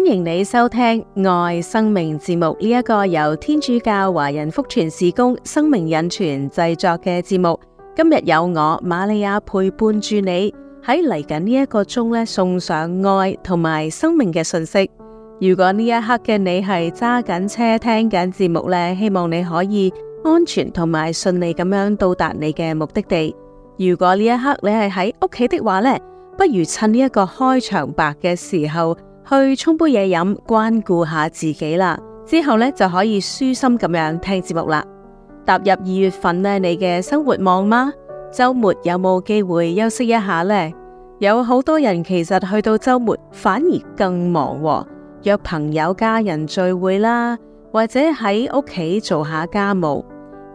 歡迎你收聽愛生命節目，呢一個由天主教華人福傳事工生命恩泉製作嘅節目。今日有我瑪利亞陪伴住你喺嚟緊呢一個鐘咧，送上愛同埋生命嘅信息。如果呢一刻嘅你係揸緊車聽緊節目咧，希望你可以安全同埋順利咁樣到達你嘅目的地。如果呢一刻你係喺屋企的話咧，不如趁呢一個開場白嘅時候。去沖杯嘢飲，關顧下自己啦。之後呢，就可以舒心咁樣聽節目啦。踏入二月份呢，你嘅生活忙嗎？周末有冇機會休息一下呢？有好多人其實去到周末反而更忙喎，約朋友家人聚會啦，或者喺屋企做下家務。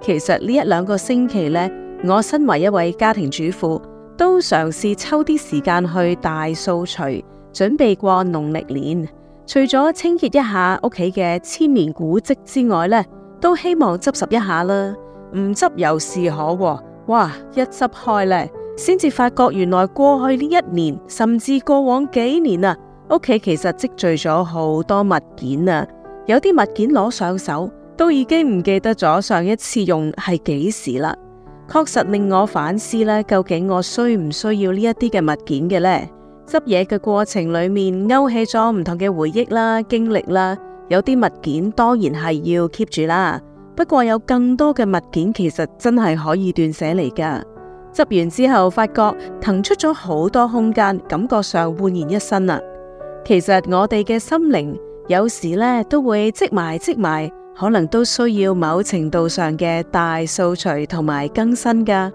其實呢一兩個星期呢，我身為一位家庭主婦，都嘗試抽啲時間去大掃除。準備過農曆年，除咗清潔一下屋企嘅千年古蹟之外呢，都希望執拾一下啦。唔執又是可、哦，哇！一執開呢，先至發覺原來過去呢一年，甚至過往幾年啊，屋企其實積聚咗好多物件啊。有啲物件攞上手，都已經唔記得咗上一次用係幾時啦。確實令我反思呢，究竟我需唔需要呢一啲嘅物件嘅呢？執嘢嘅過程裏面勾起咗唔同嘅回憶啦、經歷啦，有啲物件當然係要 keep 住啦。不過有更多嘅物件其實真係可以斷捨離噶。執完之後發覺騰出咗好多空間，感覺上煥然一新啦、啊。其實我哋嘅心靈有時呢都會積埋積埋，可能都需要某程度上嘅大掃除同埋更新噶。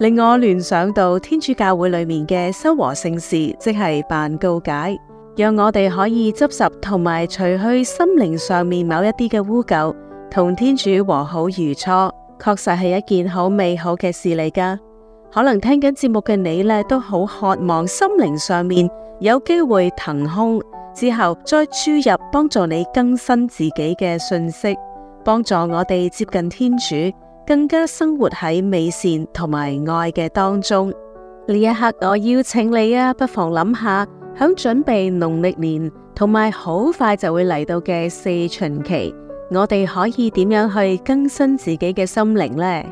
令我聯想到天主教會裏面嘅修和聖事，即係辦告解，讓我哋可以執拾同埋除去心靈上面某一啲嘅污垢，同天主和好如初，確實係一件好美好嘅事嚟㗎。可能聽緊節目嘅你呢，都好渴望心靈上面有機會騰空之後，再注入幫助你更新自己嘅信息，幫助我哋接近天主。更加生活喺美善同埋愛嘅當中，呢一刻，我邀請你啊，不妨諗下響準備農曆年同埋好快就會嚟到嘅四旬期，我哋可以點樣去更新自己嘅心靈呢？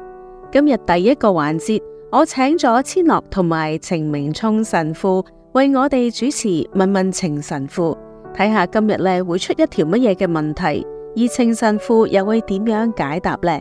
今日第一個環節，我請咗千諾同埋程明聰神父為我哋主持問問程神父，睇下今日咧會出一條乜嘢嘅問題，而程神父又會點樣解答呢？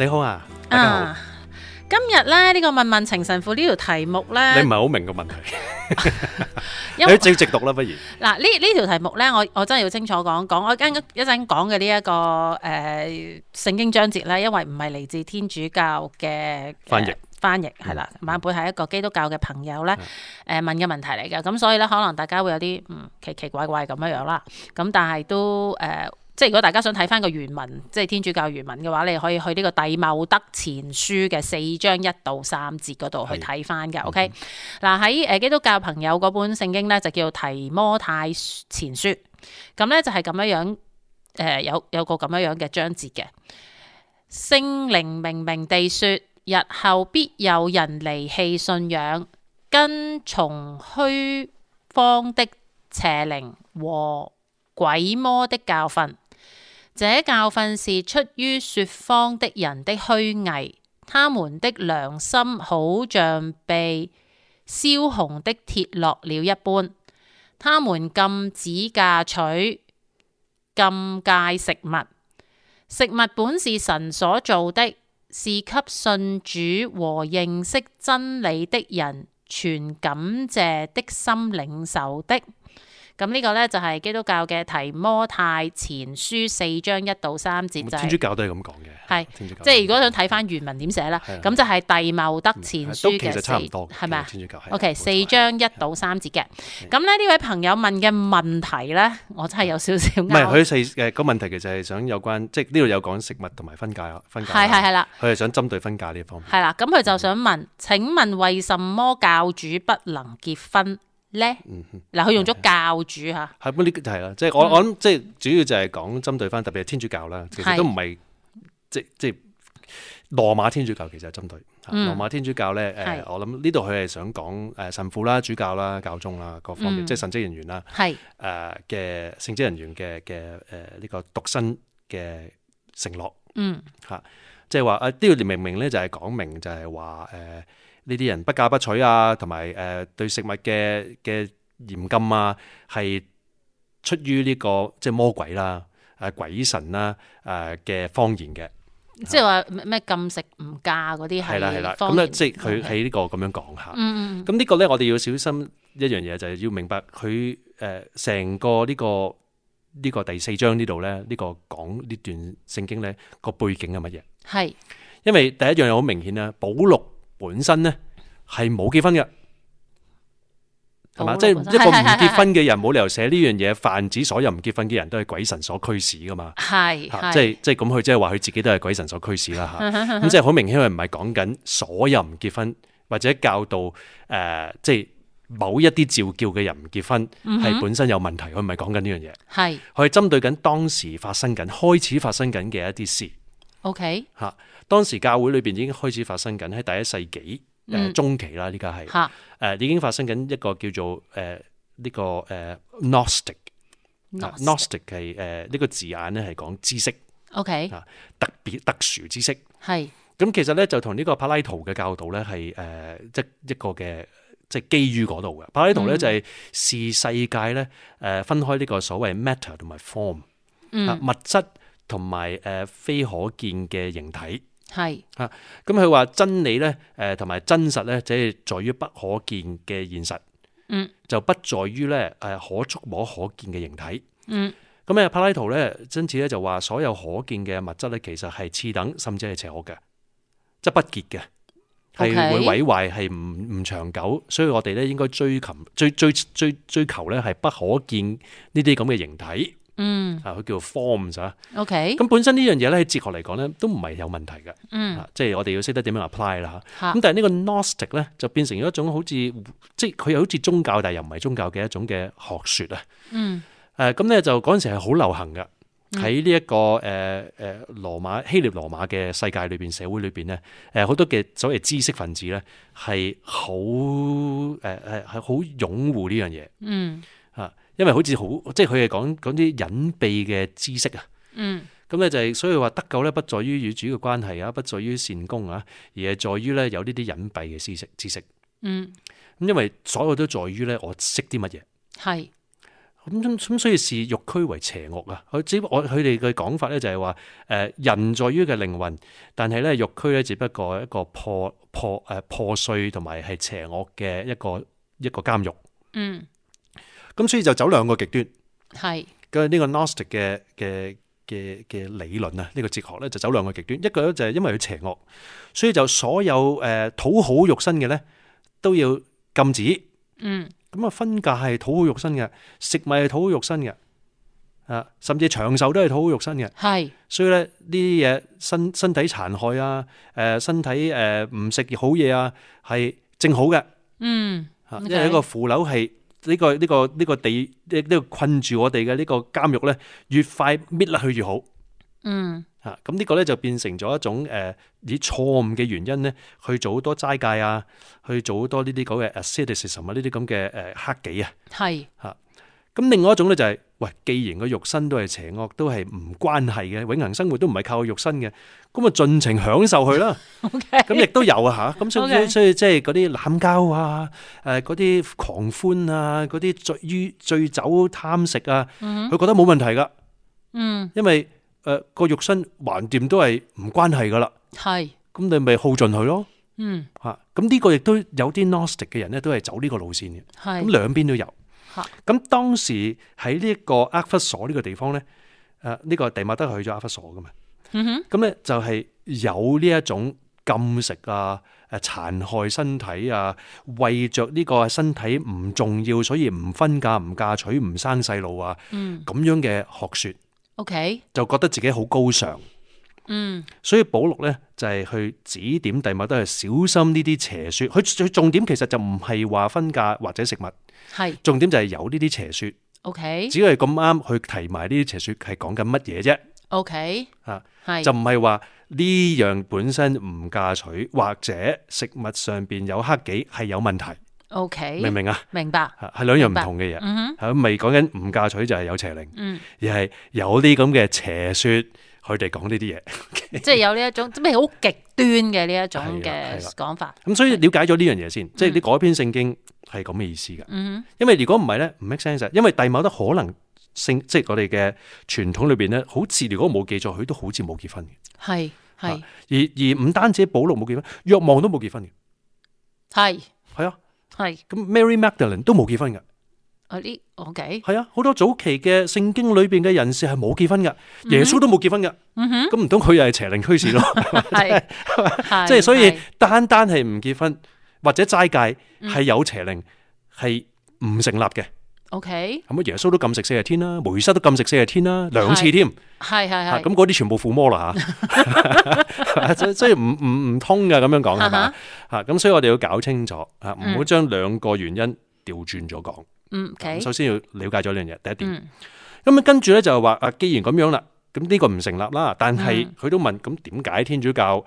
你好啊，啊！今日咧呢個問問情神父呢條題目咧，你唔係好明個問題，你照直讀啦不如。嗱呢呢條題目咧，我我真係要清楚講講我一一陣講嘅呢一個誒聖經章節咧，因為唔係嚟自天主教嘅翻譯翻譯係啦，晚輩係一個基督教嘅朋友咧誒問嘅問題嚟嘅，咁所以咧可能大家會有啲嗯奇奇怪怪咁樣樣啦，咁但係都誒。即係如果大家想睇翻個原文，即係天主教原文嘅話，你可以去呢、呢個弟茂德前書嘅四章一到三節嗰度去睇翻嘅。OK，嗱喺基督教朋友嗰本聖經呢，就叫提摩太前書，咁呢，就係、是、咁樣樣、呃、有有個咁樣樣嘅章節嘅聖靈明明地説，日後必有人離棄信仰，跟從虛方的邪靈和鬼魔的教訓。這教訓是出於說謊的人的虛偽，他們的良心好像被燒紅的鐵烙了一般。他們禁止嫁娶，禁戒食物。食物本是神所造的，是給信主和認識真理的人存感謝的心領受的。咁呢個咧就係基督教嘅提摩太前書四章一到三節，就係天主教都係咁講嘅，係即係如果想睇翻原文點寫啦，咁就係帝茂德前書嘅四，其實差唔多，係咪啊？天主教係，OK，四章一到三節嘅。咁呢呢位朋友問嘅問題咧，我真係有少少唔係佢四誒個問題其實係想有關，即係呢度有講食物同埋婚嫁，婚嫁係係係啦。佢係想針對婚嫁呢一方面係啦。咁佢就想問：請問為什麼教主不能結婚？咧，嗱呢，佢、嗯、哼用咗教主嚇，係嗰啲係啦，即係我我諗，即係主要就係講針對翻，特別係天主教啦，其實都唔係，即即羅馬天主教其實係針對羅、嗯、馬天主教咧。誒、嗯呃，我諗呢度佢係想講誒神父啦、主教啦、教宗啦，各方面、嗯、即係神職人員啦，係誒嘅聖職人員嘅嘅誒呢個獨身嘅承諾，嗯吓，即係話誒呢個明明咧就係講明就係話誒。呃呢啲人不嫁不娶啊，同埋誒對食物嘅嘅嚴禁啊，係出於呢個即係魔鬼啦、誒鬼神對啦誒嘅謊言嘅，即係話咩禁食唔嫁嗰啲係。係啦係啦，咁咧即係佢喺呢個咁樣講下。嗯嗯。咁呢個咧，我哋要小心一樣嘢，就係要明白佢誒成個呢個呢個第四章呢度咧，呢個講呢段聖經咧個背景係乜嘢？係，因為第一樣嘢好明顯啦，保祿。本身咧係冇結婚嘅，係嘛？即係一個唔結婚嘅人，冇理由寫呢樣嘢。泛指是所有唔結婚嘅人都係鬼神所驅使噶嘛？係是是、啊，即係即係咁，佢即係話佢自己都係鬼神所驅使啦吓。咁即係好明顯，佢唔係講緊所有唔結婚或者教導誒、呃，即係某一啲召叫嘅人唔結婚係本身有問題，佢唔係講緊呢樣嘢。係是是 是，佢係針對緊當時發生緊、開始發生緊嘅一啲事。嗯、OK，吓。當時教會裏邊已經開始發生緊喺第一世紀誒、呃、中期啦，依家係誒已經發生緊一個叫做誒呢、呃這個誒 Gnostic，Gnostic 係誒呢個字眼咧係講知識，OK 啊特別特殊知識係咁是、嗯、其實咧就同呢個柏拉圖嘅教導咧係誒即一個嘅即基於嗰度嘅柏拉圖咧就係視世界咧誒、嗯呃、分開呢個所謂 matter 同埋 form、嗯、物質同埋誒非可見嘅形體。係吓，咁佢話真理咧，誒，同埋真實咧，即係在於不可見嘅現實，嗯，就不在於咧誒可觸摸可見嘅形體，嗯，咁誒，柏拉圖咧，真此咧就話所有可見嘅物質咧，其實係次等，甚至係邪惡嘅，即、就、係、是、不潔嘅，係、嗯、會毀壞，係唔唔長久，所以我哋咧應該追求追追追追求咧係不可見呢啲咁嘅形體。嗯，啊，佢叫做 forms 啊。OK. 咁本身呢樣嘢咧，喺哲學嚟講咧，都唔係有問題嘅。嗯，即係我哋要識得點樣 apply 啦、嗯。吓，咁但係呢個 Gnostic 咧，就變成咗一種好似，即係佢又好似宗教，但係又唔係宗教嘅一種嘅學說啊。嗯。誒、呃，咁咧就嗰陣時係好流行噶，喺呢一個誒誒羅馬希臘羅馬嘅世界裏邊，社會裏邊咧，誒好多嘅所謂知識分子咧係好誒誒係好擁護呢樣嘢。呃、嗯。因為好似好，即係佢哋講講啲隱蔽嘅知識啊，嗯，咁咧就係所以話得救咧，不在於與主嘅關係啊，不在於善功啊，而係在於咧有呢啲隱蔽嘅知識知識，嗯，咁因為所有都在於咧我識啲乜嘢，係是，咁咁、嗯、所以視肉軀為邪惡啊，佢只我佢哋嘅講法咧就係話，誒、呃、人在於嘅靈魂，但係咧肉軀咧只不過一個破破誒破，、呃、破碎同埋係邪惡嘅一個一個監獄，嗯。咁所以就走兩個極端，係咁啊呢個 Gnostic 嘅嘅嘅嘅理論啊，呢個哲學咧就走兩個極端，一個咧就係因為佢邪惡，所以就所有誒討好肉身嘅咧都要禁止，嗯，咁啊分隔係討好肉身嘅，食物係討好肉身嘅，啊，甚至長壽都係討好肉身嘅，係，所以咧呢啲嘢身身體殘害啊，誒身體誒唔食好嘢啊，係正好嘅，嗯，因為一個腐朽係。呢、這個呢、這個呢、這個地呢呢、這個困住我哋嘅呢個監獄咧，越快搣落去越好。嗯、啊，嚇咁呢個咧就變成咗一種誒以錯誤嘅原因咧去做好多齋戒啊，去做好多呢啲嗰嘅 asceticism 啊呢啲咁嘅誒克己啊，係嚇是、啊。咁、嗯、另外一種咧就係、是。喂，既然個肉身都係邪惡，都係唔關係嘅，永恆生活都唔係靠肉身嘅，咁啊盡情享受佢啦。咁亦都有啊嚇，咁所以所以即係嗰啲濫交啊，誒嗰啲狂歡啊，嗰啲醉於醉酒貪食啊，佢覺得冇問題噶。嗯，因為誒個肉身橫掂都係唔關係噶啦。係。咁你咪耗盡佢咯。嗯。嚇，咁呢個亦都有啲 Gnostic 嘅人咧，都係走呢個路線嘅。係。咁兩邊都有。咁哈當時喺呢一個阿弗所呢個地方咧，誒、這、呢個弟茂德去咗阿弗所噶嘛，咁咧、嗯、哼就係有呢一種禁食啊、誒、啊、殘害身體啊、為着呢個身體唔重要，所以唔分嫁、唔嫁娶、唔生細路啊，咁、嗯、樣嘅學説，OK，就覺得自己好高尚。嗯，所以保祿咧就係去指點弟物，都係小心呢啲邪說，佢最重點其實就唔係話分嫁或者食物，係重點就係有呢啲邪說。O K，只係咁啱去提埋呢啲邪說係講緊乜嘢啫？O K，啊，係就唔係話呢樣本身唔嫁娶或者食物上邊有黑忌係有問題。O K，明唔明啊？明白，係兩樣唔同嘅嘢。嗯，係咪講緊唔嫁娶就係有邪靈？嗯，而係有啲咁嘅邪說。佢哋講呢啲嘢，即係有呢一種咩好極端嘅呢一種嘅講法。咁所以了解咗呢樣嘢先，的即係你改編聖經係咁嘅意思噶。嗯，因為如果唔係咧，唔 make sense 因為第某啲可能性，即係我哋嘅傳統裏邊咧，好似如果冇記載，佢都好似冇結婚嘅。係係，而而唔單止保祿冇結婚，若望都冇結婚嘅。係係啊，係咁 Mary Magdalene 都冇結婚噶。嗰 OK，係啊，好多早期嘅聖經裏邊嘅人士係冇結婚嘅，耶穌都冇結婚嘅，咁唔通佢又係邪靈驅使咯？係，即係所以單單係唔結婚或者齋戒係有邪靈係唔成立嘅。OK，咁啊，耶穌都禁食四十天啦，摩西都禁食四十天啦，兩次添，係係係，咁嗰啲全部附魔啦吓，即係唔唔唔通嘅咁樣講係嘛？吓咁，所以我哋要搞清楚啊，唔好將兩個原因調轉咗講。Okay. 首先要了解咗呢樣嘢，第一點。咁啊，嗯，跟住咧就係話，啊，既然咁樣啦，咁、這、呢個唔成立啦。但係佢都問，咁點解天主教，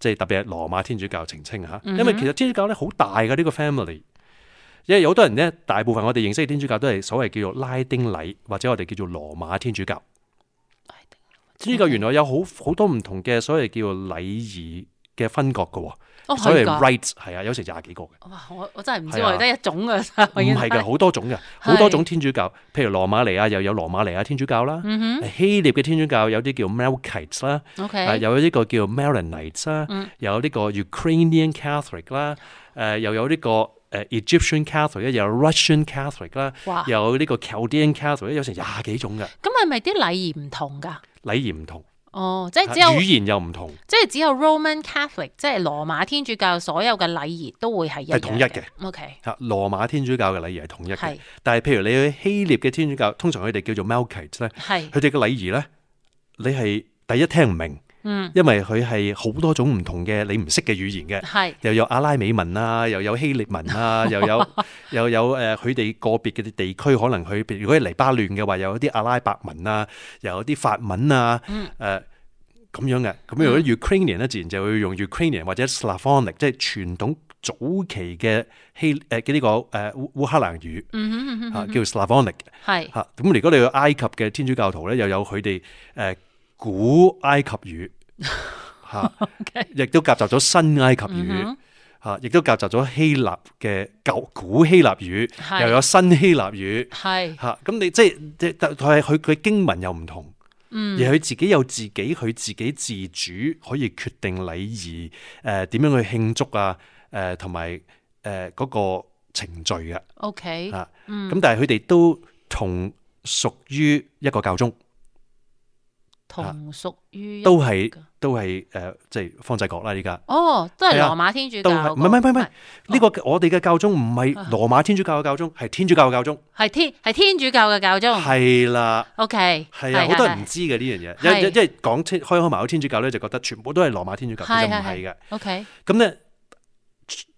即係特別係羅馬天主教澄清吓？因為其實天主教咧好大嘅呢、這個 family，因為有好多人咧，大部分我哋認識天主教都係所謂叫做拉丁禮或者我哋叫做羅馬天主教。天主教原來有好好多唔同嘅所謂叫做禮儀嘅分割嘅。所以 rites 係啊，有成廿幾個嘅。哇！我我真係唔知我係得一種啊，唔係嘅好多種嘅，好多種天主教。譬如羅馬尼亞又有羅馬尼亞天主教啦，希臘嘅天主教有啲叫 Melkites 啦，有呢個叫 Melanites 啦，有呢個 Ukrainian Catholic 啦，誒又有呢個誒 Egyptian Catholic，又有 Russian Catholic 啦，有呢個 Chaldean Catholic，有成廿幾種嘅。咁係咪啲禮儀唔同㗎？禮儀唔同。哦，即係只有語言又唔同，即係只有 Roman Catholic，即係羅馬天主教所有嘅禮儀都會係一統一嘅。OK，嚇，羅馬天主教嘅禮儀係統一嘅，是但係譬如你去希臘嘅天主教，通常佢哋叫做 Melkite，係佢哋是嘅禮儀咧，你係第一聽唔明。因為佢係好多種唔同嘅你唔識嘅語言嘅，係是又有阿拉美文啊，又有希臘文啊， 又有又有誒佢哋個別嘅地區可能佢，如果係黎巴嫩嘅話，又有啲阿拉伯文啊，又有啲法文啊，誒咁、嗯呃、樣嘅。咁如果 Ukrainian 咧，自然就會用 Ukrainian 或者 Slavonic，即係傳統早期嘅希誒呢、呃這個誒、呃、烏克蘭語，嗯嗯、叫 Slavonic 是。係嚇咁，如果你去埃及嘅天主教徒咧，又有佢哋誒古埃及語，語。吓， Okay. 亦都夾雜咗新埃及語，吓、mm，hmm. 亦都夾雜咗希臘嘅舊古希臘語，是又有新希臘語，係吓，咁你即係，但係佢佢經文又唔同，嗯，而佢自己有自己佢自己自主可以決定禮儀，誒、呃，點樣去慶祝啊，誒、呃，同埋誒嗰個程序嘅，OK，吓、嗯，咁但係佢哋都同屬於一個教宗。嗯同屬於都係都係誒，即係方濟各啦，依家哦，都係羅馬天主教，唔係唔係唔係呢個我哋嘅教宗唔係羅馬天主教嘅教宗，係天主教嘅教宗，係天係天主教嘅教宗，係啦，OK，係啊，好多人唔知嘅呢樣嘢，即係講開開埋口天主教咧，就覺得全部都係羅馬天主教，其實唔係嘅，OK，咁咧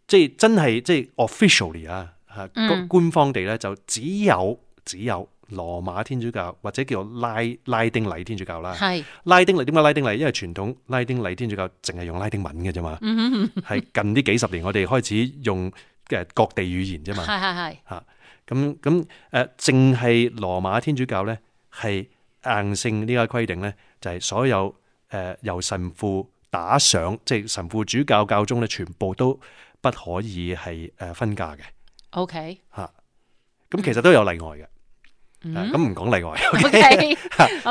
即係真係即係 officially 啊吓，官方地咧就只有只有。羅馬天主教或者叫做拉拉丁禮天主教啦，係是拉丁禮，點解拉丁禮？因為傳統拉丁禮天主教淨係用拉丁文嘅啫嘛，係 近呢幾十年，我哋開始用嘅各地語言啫嘛，係係係吓咁咁誒，淨、嗯、係、嗯呃、羅馬天主教咧係硬性呢個規定咧，就係、是、所有誒、呃、由神父打上，即、就、係、是、神父主教教，教宗咧，全部都不可以係誒分嫁嘅。O K 吓咁，其實都有例外嘅。嗯咁唔講例外，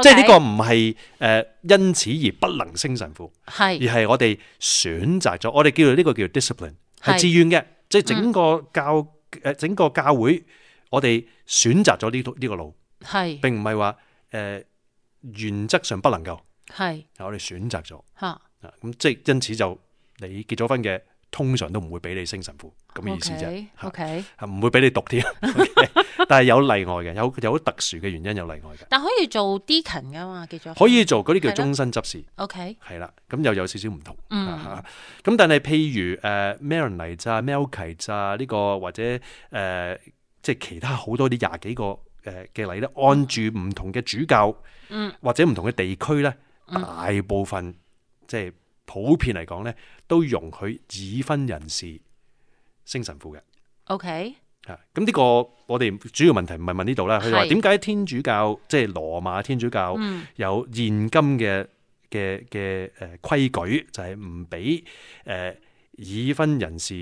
即係呢個唔係誒，因此而不能升神父，係是而係我哋選擇咗，我哋叫做呢個叫做 discipline，係自願是嘅，即係、就是、整個教誒、嗯呃、整個教會我、這個，我哋選擇咗呢個呢個路係，是並唔係話誒原則上不能夠係，是我哋選擇咗吓咁即係因此就你結咗婚嘅。通常都唔會俾你升神父咁嘅意思啫，OK，唔 okay.、啊、會俾你讀添。 okay, 但係有例外嘅，有有好特殊嘅原因有例外嘅，但可以做 D 勤噶嘛，叫做可以做嗰啲叫終身執事，OK，係啦，咁又有少少唔同，咁、嗯啊、但係譬如誒、呃、Maronite Melkite 呢、這個或者誒、呃、即係其他好多啲廿幾個誒嘅禮咧，按住唔同嘅主教，嗯、或者唔同嘅地區咧，嗯、大部分即係。普遍嚟講咧，都容許已婚人士升神父嘅。OK，嚇、嗯，咁呢個我哋主要問題唔係問呢度啦。佢話點解天主教是即係羅馬天主教有現今嘅嘅嘅誒規矩，就係唔俾誒已婚人士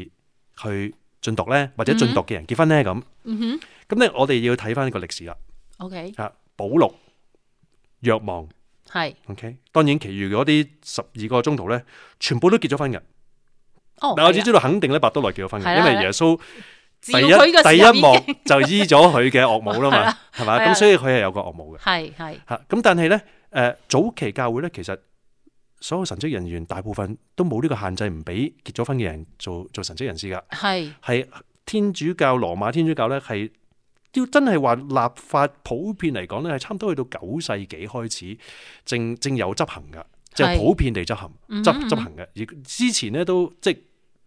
去晉鐸咧，或者晉鐸嘅人結婚咧咁。嗯哼，咁咧、mm hmm. 我哋要睇翻呢個歷史啦。OK，嚇、啊，保祿、若望。係，OK，對當然其餘嗰啲十二個宗徒咧，全部都結咗婚嘅。哦，但我只知道肯定咧，伯多祿結咗婚嘅，因為耶穌第一第一幕就醫咗佢嘅岳母啦嘛，係嘛，咁吧所以佢係有個岳母嘅。係係吓，咁但係咧，誒、呃，早期教會咧，其實所有神職人員大部分都冇呢個限制，唔俾結咗婚嘅人做做神職人士噶。係係對天主教羅馬天主教咧係。要真係話立法普遍嚟講咧，係差唔多去到九世紀開始，正正有執行㗎，即係是普遍地執行嗯嗯執執行嘅。而之前咧都即係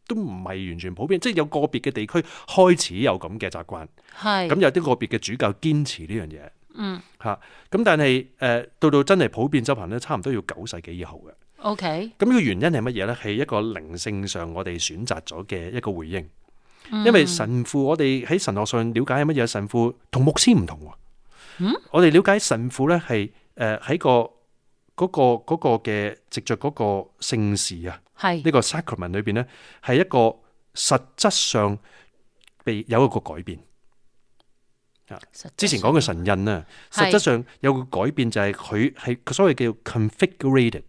都唔係完全普遍，即係有個別嘅地區開始有咁嘅習慣。係咁是有啲個別嘅主教堅持呢樣嘢。嗯、啊，嚇咁但係誒、呃、到到真係普遍執行咧，差唔多要九世紀以後㗎。OK，咁呢個原因係乜嘢咧？係一個靈性上我哋選擇咗嘅一個回應。因為神父，我哋喺神學上了解係乜嘢？神父同牧師唔同。嗯，我哋了解神父咧，係誒喺個嗰個嗰個嘅藉著嗰個聖事啊，係呢個 sacrament 裏邊咧，係一個實質上被有一個改變。啊，之前講嘅神印啊，實質上有個改變就係佢係所謂叫 configurated。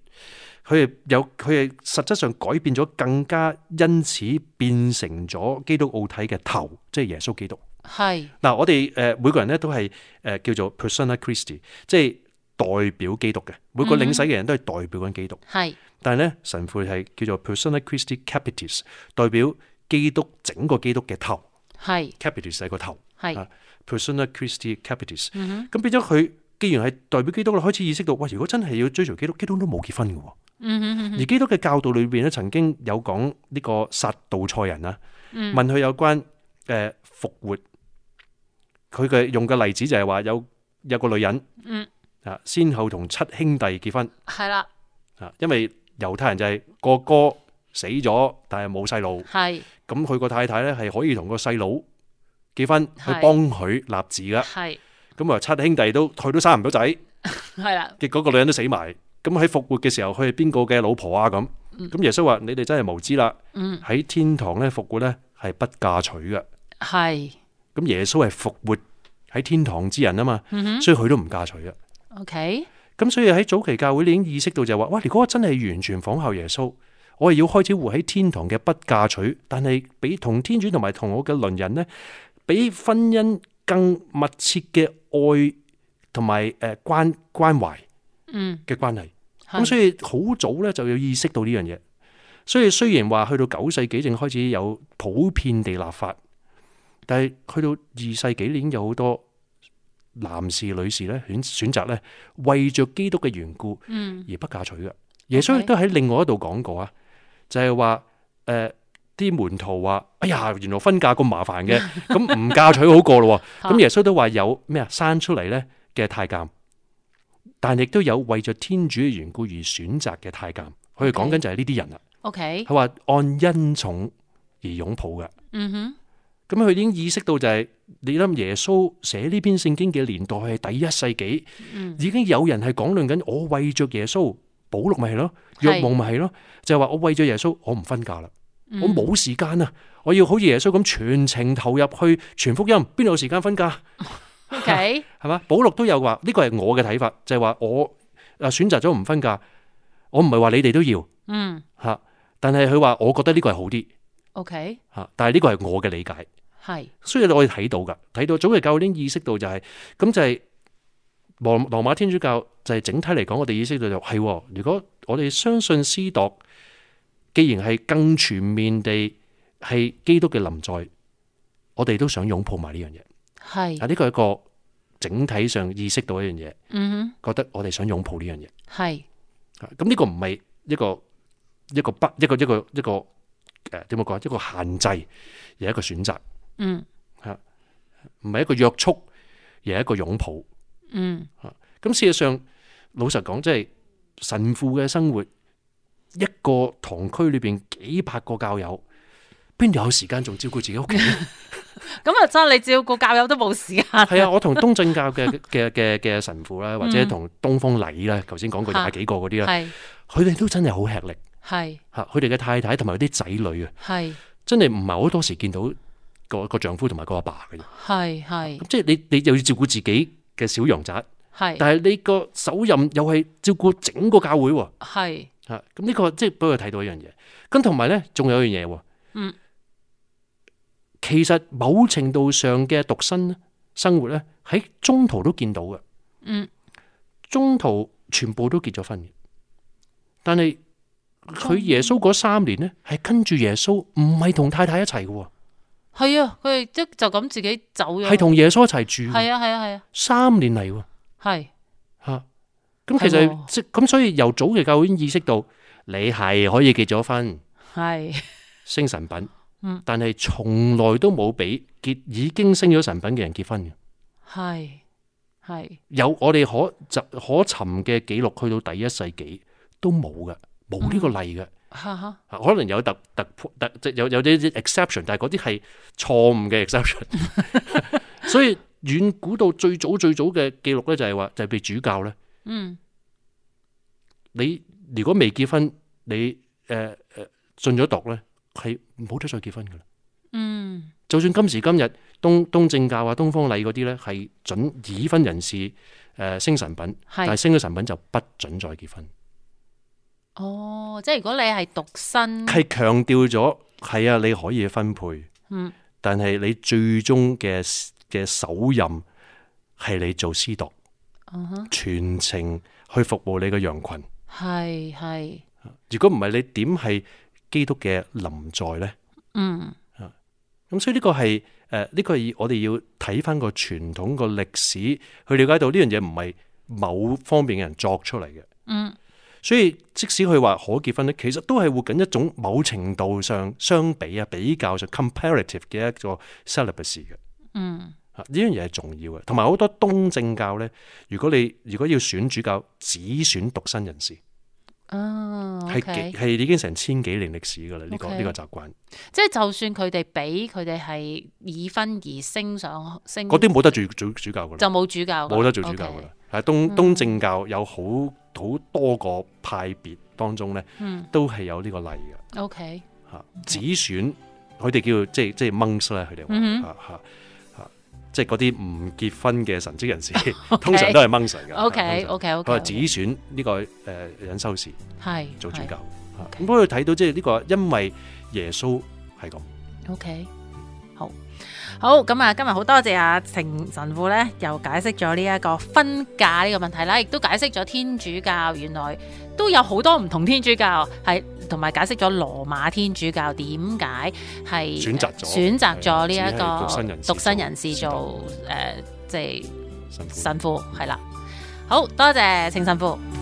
佢係有，佢係實質上改變咗，更加因此變成咗基督奧體嘅頭，即係耶穌基督。係嗱是、啊，我哋誒每個人咧都係誒叫做 Persona Christi，即係代表基督嘅。每個領洗嘅人都係代表緊基督。係、嗯哼，但係咧神父係叫做 Persona Christi Capitis，代表基督整個基督嘅頭。係是 Capitis 係個頭。係 Persona Christi Capitis。咁、啊、Cap 變咗佢。既然係代表基督嘅，開始意識到，喂，如果真係要追隨基督，基督都冇結婚嘅。嗯，而基督嘅教導裏邊咧，曾經有講呢個殺道賽人啊，問佢有關誒復活，佢嘅用嘅例子就係話有有個女人，啊，先後同七兄弟結婚，係啦，因為猶太人就係個哥死咗，但係冇細路，係，咁佢個太太咧係可以同個細佬結婚去幫佢立子啦，咁啊，七兄弟都佢都生唔到仔，係啦 的，結果個女人都死埋。咁喺復活嘅時候，佢係邊個嘅老婆啊？咁咁、嗯、耶穌話：你哋真係無知啦！喺、嗯、天堂咧復活咧係不嫁娶嘅。係咁是耶穌係復活喺天堂之人啊嘛，嗯、哼所以佢都唔嫁娶啦。OK。咁所以喺早期教會，你已經意識到就係話：哇！如果我真係完全仿效耶穌，我係要開始活喺天堂嘅不嫁娶。但係俾同天主同埋同我嘅鄰人咧，俾婚姻。更密切嘅愛同埋誒關關懷，嗯嘅關係，咁所以好早咧就要意識到呢樣嘢。所以雖然話去到九世紀正開始有普遍地立法，但係去到二世紀已經有好多男士、女士咧選選擇咧為着基督嘅緣故，而不嫁娶嘅。耶穌亦都喺另外一度講過啊，就係話，誒。呃啲門徒話：哎呀，原來婚嫁咁麻煩嘅，咁唔嫁娶好過咯。咁耶穌都話有咩啊？生出嚟咧嘅太監，但亦都有為咗天主嘅緣故而選擇嘅太監。佢哋講緊就係呢啲人啦。OK，佢話按恩寵而擁抱嘅。嗯哼，咁佢已經意識到就係你諗耶穌寫呢篇聖經嘅年代係第一世紀，已經有人係講論緊我為咗耶穌保祿咪係咯，若望咪係咯，就係話我為咗耶穌我唔分嫁啦。我冇時間啊！我要好似耶穌咁全程投入去全福音，邊度有時間分家？O K，係嘛？保祿都有話，呢個係我嘅睇法，就係、是、話我誒選擇咗唔分家。我唔係話你哋都要，嗯吓。但係佢話我覺得呢個係好啲，O K 吓。Okay. 但係呢個係我嘅理解，係。Okay. 所以你可以睇到噶，睇到早期教宗意識到就係、是、咁就係羅羅馬天主教就係整體嚟講，我哋意識到就係、是、如果我哋相信司鐸。既然係更全面地係基督嘅臨在，我哋都想擁抱埋呢樣嘢。係啊是，呢個係一個整體上意識到一樣嘢，嗯哼，覺得我哋想擁抱呢樣嘢。係咁呢個唔係一個一個不一個一個一個誒點樣講？一個限制而係一個選擇。嗯吓，唔係一個約束而係一個擁抱。嗯吓，咁事實上老實講，即係神父嘅生活。一個堂區裏邊幾百個教友，邊度有時間仲照顧自己屋企？咁啊，真係你照顧教友都冇時間。係 啊，我同東正教嘅嘅嘅嘅神父啦，或者同東方禮啦，頭先講過廿幾個嗰啲啦，佢哋都真係好吃力。係吓是，佢哋嘅太太同埋啲仔女啊，係是真係唔係好多時見到個個丈夫同埋個阿爸嘅。係係，即係你你又要照顧自己嘅小羊仔，係是，但係你個首任又係照顧整個教會。係。啊，咁呢個即係俾佢睇到一樣嘢，咁同埋咧，仲有一樣嘢喎。嗯，其實某程度上嘅獨身生活咧，喺中途都見到嘅。嗯，中途全部都結咗婚嘅，但係佢耶穌嗰三年咧，係跟住耶穌，唔係同太太一齊嘅。係啊，佢係就就咁自己走咗，係同耶穌一齊住。係啊，係啊，係啊，三年嚟喎，係。咁其實即咁，所以由早期教會已經意識到，你係可以結咗婚，係是升神品，嗯、但係從來都冇俾結已經升咗神品嘅人結婚嘅，係係有我哋可找可尋嘅記錄，去到第一世紀都冇嘅，冇呢個例嘅，嗯、可能有特特特有有啲 exception，但係嗰啲係錯誤嘅 exception， 所以遠古到最早最早嘅記錄咧，就係話就係被主教咧，嗯。你如果未結婚，你誒誒晉咗鐸咧，係冇得再結婚噶啦。嗯，就算今時今日東東正教啊、東方禮嗰啲咧，係准已婚人士誒升、呃、神品，是但係升咗神品就不准再結婚。哦，即係如果你係獨身，係強調咗係啊，你可以分配、嗯、但係你最終嘅嘅首任係你做司鐸，嗯、哼全程去服務你嘅羊群。係係，如果唔係你點係基督嘅臨在咧？嗯，咁、嗯、所以呢個係誒呢個係我哋要睇翻個傳統個歷史去了解到呢樣嘢唔係某方面嘅人作出嚟嘅。嗯，所以即使佢話可結婚咧，其實都係活緊一種某程度上相比啊比較上 comparative 嘅一個 celibacy 嘅。嗯。呢樣嘢係重要嘅，同埋好多東正教咧，如果你如果要選主教，只選獨身人士。哦，係幾係已經成千幾年歷史噶啦，呢個呢個習慣。即係就算佢哋俾佢哋係已婚而升上升，嗰啲冇得做主主教噶啦，就冇主教，冇得做主教噶啦。喺東東正教有好好多個派別當中咧，都係有呢個例嘅。O K，吓只選佢哋叫即係即係 monks，佢哋吓吓。即係嗰啲唔結婚嘅神職人士，Okay. 通常都係掹神嘅。O K O K O K 佢係自選呢、這個誒隱、呃、修士，係 Okay. 做主教。咁可以睇到即係呢、這個，因為耶穌係咁。O、okay. K 好，咁啊！今日好多謝阿程神父咧，又解釋咗呢一個婚嫁呢個問題啦，亦都解釋咗天主教原來都有好多唔同天主教系，同埋解釋咗羅馬天主教點解係選擇咗選擇咗呢一個獨身人獨身人士做誒，即係神父係啦。好多謝程神父。神父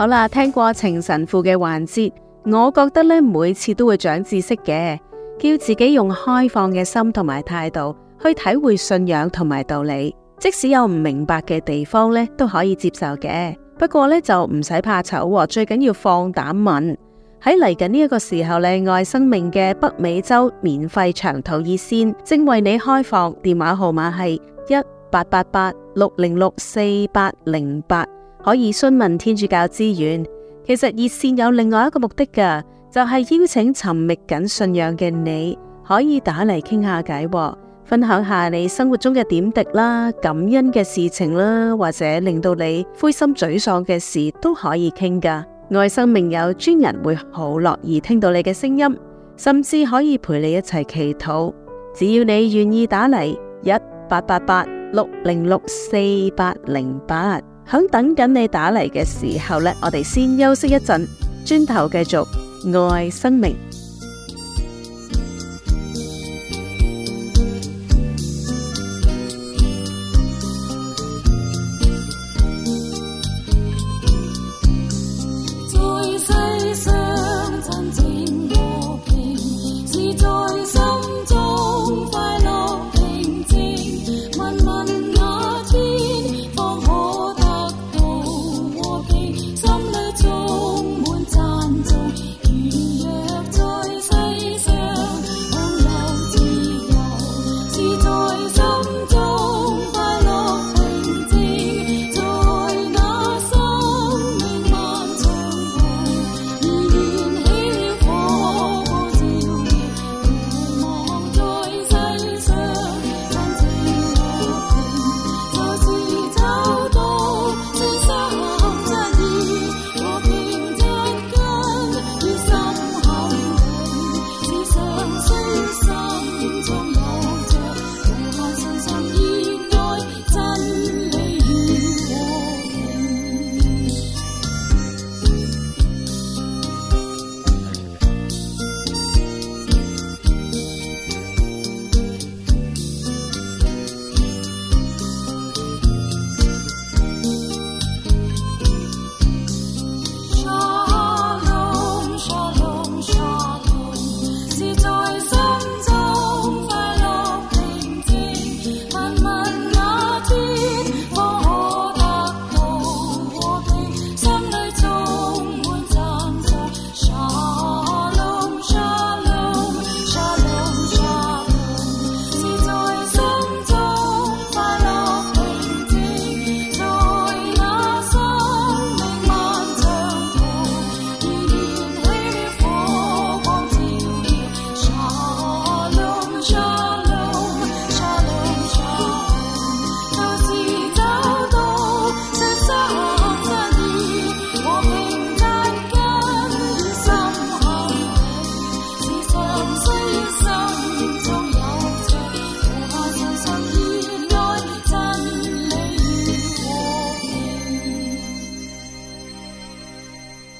好啦，聽過情神父嘅環節，我覺得咧每次都會長知識嘅，叫自己用開放嘅心同埋態度去體會信仰同埋道理，即使有唔明白嘅地方咧都可以接受嘅。不過咧就唔使怕醜，最緊要放膽問。喺嚟緊呢一個時候咧，愛生命嘅北美洲免費長途熱線正為你開放，電話號碼係一八八八六零六四八零八。可以詢問天主教資源，其實熱線有另外一個目的嘅，就係、是、邀請尋覓緊信仰嘅你，可以打嚟傾下偈，分享下你生活中嘅點滴啦、感恩嘅事情啦，或者令到你灰心沮喪嘅事都可以傾噶。愛生命有專人會好樂意聽到你嘅聲音，甚至可以陪你一齊祈禱。只要你願意打嚟，一八八八六零六四八零八。響等緊你打嚟嘅時候咧，我哋先休息一陣，磚頭繼續愛生命。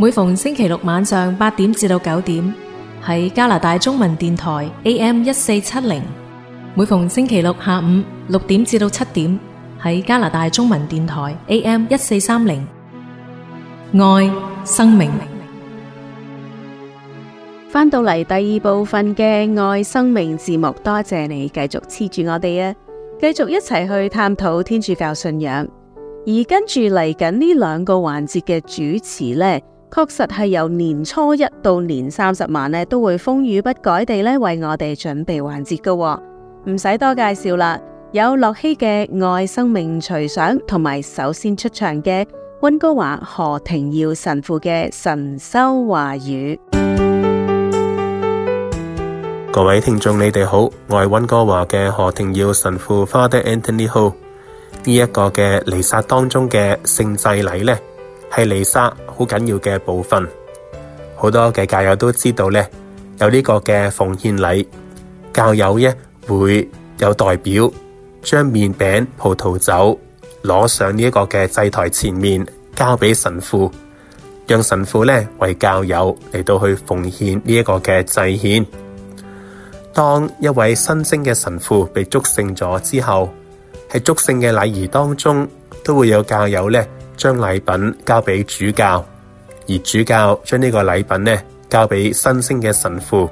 每逢星期六晚上八點至到九點，喺加拿大中文電台 AM 一四七零；每逢星期六下午六點至到七點，喺加拿大中文電台 AM 一四三零。愛生命，翻到嚟，第二部分嘅愛生命節目，多謝你繼續黐住我哋啊！繼續一齊去探討天主教信仰，而跟住嚟緊呢兩個環節嘅主持呢。確實係由年初一到年三十晚咧，都會風雨不改地咧為我哋準備環節噶，哦，唔使多介紹啦。有駱曦嘅愛生命隨想，同埋首先出場嘅温哥華何庭耀神父嘅神修話語。各位聽眾，你哋好，我係溫哥華嘅何庭耀神父 Father Anthony Ho。呢、這，一個嘅彌撒當中嘅聖祭禮呢，係彌撒好緊要嘅部分，好多嘅教友都知道呢，有呢個嘅奉獻禮，教友呢會有代表將麵餅、葡萄酒攞上呢一個嘅祭台前面，交俾神父，讓神父呢為教友嚟到去奉獻呢一個嘅祭獻。當一位新升嘅神父被祝聖咗之後，喺祝聖嘅禮儀當中，都會有教友呢，將禮品交俾主教，而主教將呢個禮品呢交俾新升嘅神父。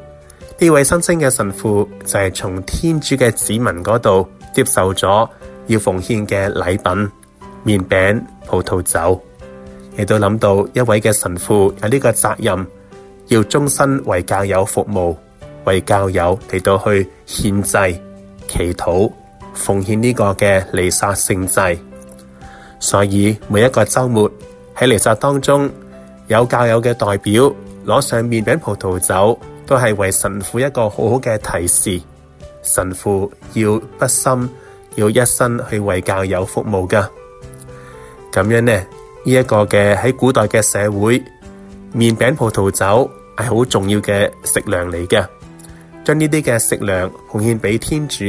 呢位新升嘅神父就係從天主嘅子民嗰度接受咗要奉獻嘅禮品、麵餅、葡萄酒，亦都諗到一位嘅神父有呢個責任，要終身為教友服務，為教友嚟到去獻祭、祈禱、奉獻呢個嘅彌撒聖祭。所以每一個周末喺彌撒當中，有教友嘅代表攞上麵餅葡萄酒，都係為神父一個好好嘅提示。神父要不心，要一生去為教友服務噶。咁樣呢，呢一個嘅喺古代嘅社會，麵餅葡萄酒係好重要嘅食糧嚟嘅。將呢啲嘅食糧奉獻俾天主，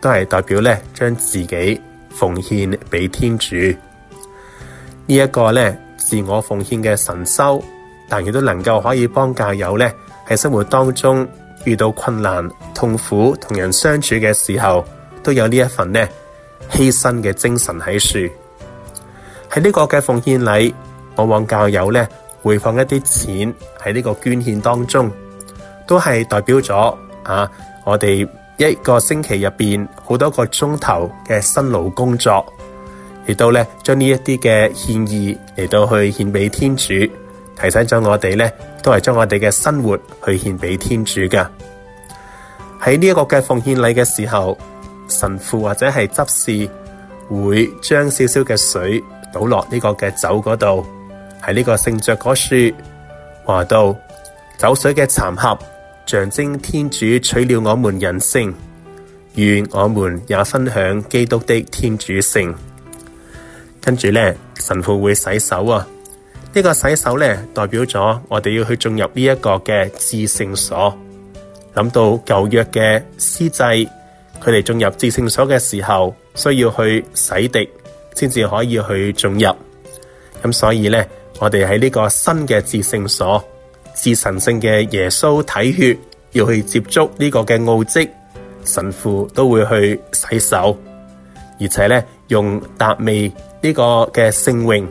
都係代表咧將自己，奉獻俾天主，呢、這、一個呢，自我奉獻嘅神修，但亦都能夠可以幫教友呢。喺生活當中遇到困難、痛苦、同人相處嘅時候，都有呢一份呢犧牲嘅精神喺樹。喺呢個嘅奉獻禮，往往教友呢會放一啲錢喺呢個捐獻當中，都係代表咗啊我哋。一個星期入邊，好多個鐘頭嘅辛勞工作，亦都咧將呢一啲嘅獻意嚟到去獻俾天主，提醒咗我哋咧，都係將我哋嘅生活去獻俾天主噶。喺呢一個嘅奉獻禮嘅時候，神父或者係執事會將少少嘅水倒落呢個嘅酒嗰度，喺呢個聖爵嗰處話到酒水嘅攙合。象徵天主取了我們人性，願我們也分享基督的天主性。跟住呢，神父會洗手啊、哦、呢、這個洗手呢，代表咗我哋要去進入呢一個嘅至聖所。諗到舊約嘅司祭，佢哋進入至聖所嘅時候，需要去洗滌，先至可以去進入。咁、嗯、所以呢，我哋喺呢個新嘅至聖所。至神聖嘅耶穌體血，要去接觸呢個嘅奧蹟，神父都會去洗手，而且咧用達味呢個嘅聖詠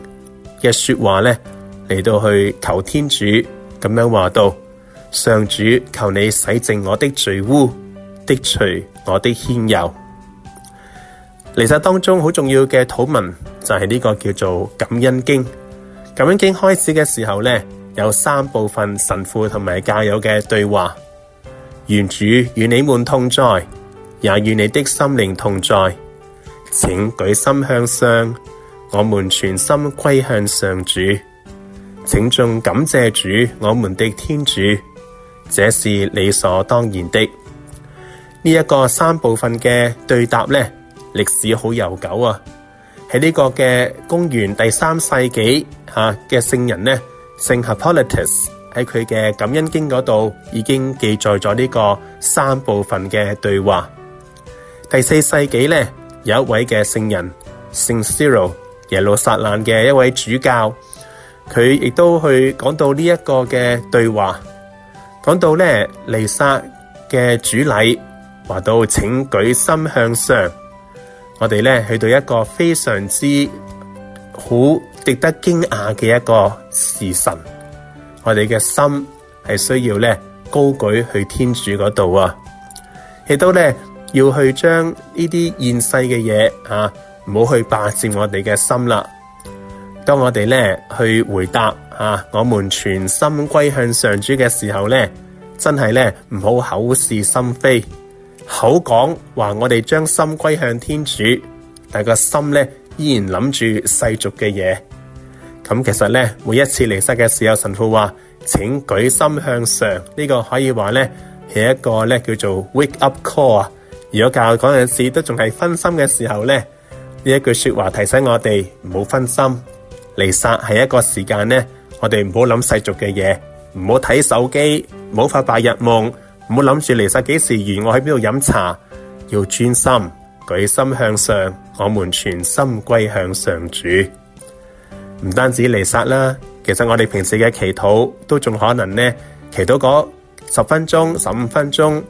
嘅說話咧嚟，到去求天主咁樣話到：「上主，求你洗淨我的罪污，滌除我的愆尤。」其實當中好重要嘅禱文就係呢個叫做感恩經。感恩經開始嘅時候咧，有三部分神父同埋教友嘅對話。願主與你們同在，也與你的心靈同在，請舉心向上，我們全心歸向上主，請眾感謝主，我們的天主，這是理所當然的。呢、這、一個三部分嘅對答呢，歷史好悠久啊。喺呢個嘅公元第三世紀吓嘅聖人呢。聖 Hippolytus 喺佢嘅感恩經嗰度已經記載咗呢個三部分嘅對話。第四世紀咧有一位嘅聖人聖 Cero 耶路撒冷嘅一位主教，佢亦都去講到呢一個嘅對話，講到咧彌撒嘅主禮話到，請舉心向上。我哋咧去到一個非常之好。值得驚訝嘅一個時辰，我哋嘅心係需要呢高舉去天主嗰度啊，亦都呢，要去將呢啲現世嘅嘢啊，唔好去霸佔我哋嘅心啦。當我哋呢去回答啊，我們全心歸向上主嘅時候呢，真係呢，唔好口是心非，口講話我哋將心歸向天主，但個心呢依然諗住世俗嘅嘢。咁其實咧，每一次彌撒嘅時候，神父話：請舉心向上，呢、這個可以話咧係一個咧叫做 wake up call 啊！如果教我講嗰陣時都仲係分心嘅時候咧，呢一句說話提醒我哋唔好分心。彌撒係一個時間咧，我哋唔好諗世俗嘅嘢，唔好睇手機，唔好發白日夢，唔好諗住彌撒幾時完，我喺邊度飲茶，要專心舉心向上，我們全心歸向上主。唔單止彌撒啦，其實我哋平時嘅祈禱都仲可能呢，祈禱嗰十分鐘、十五分鐘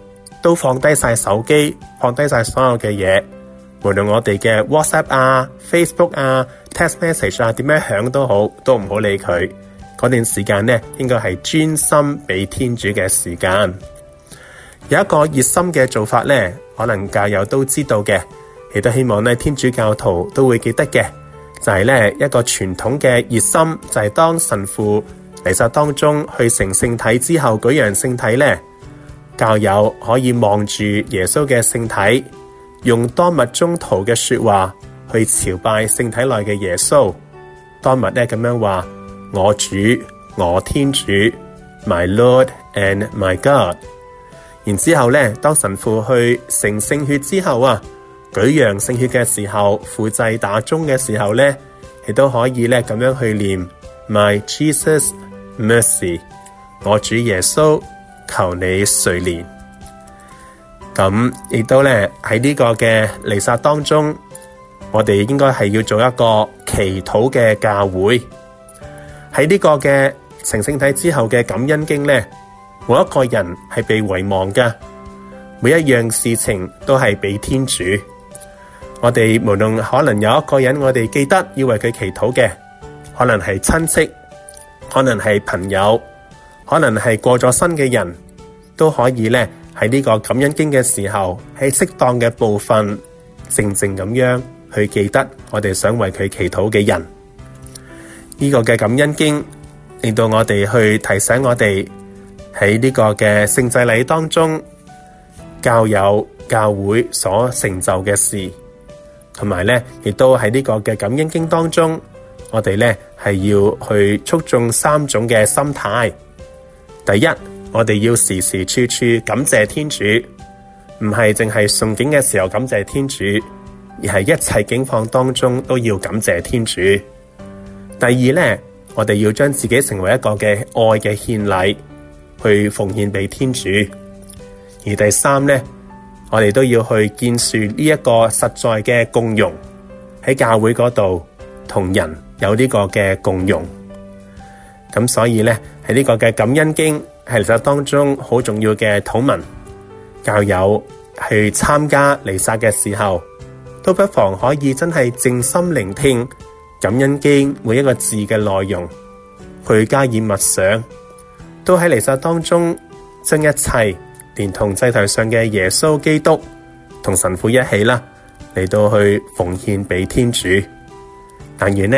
都放低晒手機，放低晒所有嘅嘢，無論我哋嘅 WhatsApp 啊、Facebook 啊、Text Message 啊，點樣響都好，都唔好理佢。嗰段時間呢，應該係專心俾天主嘅時間。有一個熱心嘅做法呢，可能教友都知道嘅，亦都希望呢，天主教徒都會記得嘅。就係咧一個傳統嘅熱心，就係、是、當神父嚟集當中去成聖體之後舉揚聖體咧，教友可以望住耶穌嘅聖體，用多默宗徒嘅說話去朝拜聖體內嘅耶穌，多默咧咁樣話我主我天主 my Lord and my God，然之後咧當神父去成聖血之後啊。舉揚聖血嘅時候，輔祭打鐘嘅時候咧，亦都可以咧咁樣去念 My Jesus Mercy，我主耶穌，求你垂憐。咁亦都咧喺呢個嘅彌撒當中，我哋應該係要做一個祈禱嘅教會。喺呢個嘅成聖體之後嘅感恩經咧，每一個人係被遺忘噶，每一樣事情都係被天主。我哋無論可能有一個人，我哋記得要為佢祈禱嘅，可能係親戚，可能係朋友，可能係過咗身嘅人都可以呢。喺呢個感恩經嘅時候，喺適當嘅部分，靜靜咁樣去記得我哋想為佢祈禱嘅人。呢個嘅感恩經令到我哋去提醒我哋喺呢個嘅聖祭禮當中，教友、教會所成就嘅事。同埋咧，亦都喺呢個嘅感恩經當中，我哋咧係要去促進三種嘅心態。第一，我哋要時時處處感謝天主，唔係淨係順境嘅時候感謝天主，而係一切境況當中都要感謝天主。第二咧，我哋要將自己成為一個嘅愛嘅獻禮，去奉獻俾天主。而第三咧。我哋都要去建樹呢一個實在嘅共融，喺教會嗰度同人有呢個嘅共融。咁所以呢，喺呢個嘅感恩經係彌撒當中好重要嘅禱文。教友去參加彌撒嘅時候，都不妨可以真係靜心聆聽感恩經每一個字嘅內容，去加以默想。都喺彌撒當中將一切。連同祭台上嘅耶穌基督同神父一起啦，嚟到去奉獻俾天主。但願呢